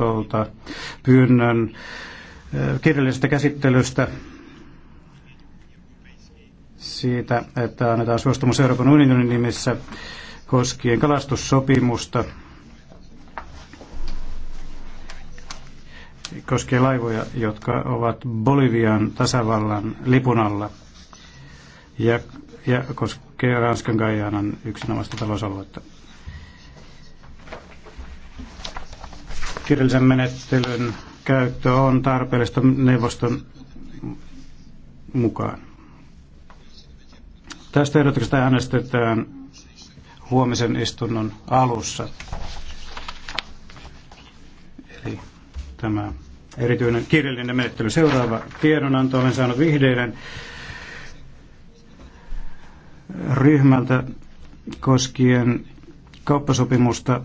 neuvostolta pyynnön kirjallisesta käsittelystä siitä, että annetaan suostumus Euroopan unionin nimissä koskien kalastussopimusta koskien laivoja, jotka ovat Bolivian tasavallan lipun alla ja, ja koskee Ranskan Gajanan yksinomaista talousaluetta. kirjallisen menettelyn käyttö on tarpeellista neuvoston mukaan. Tästä ehdotuksesta äänestetään huomisen istunnon alussa. Eli tämä erityinen kirjallinen menettely. Seuraava tiedonanto olen saanut vihdeiden ryhmältä koskien kauppasopimusta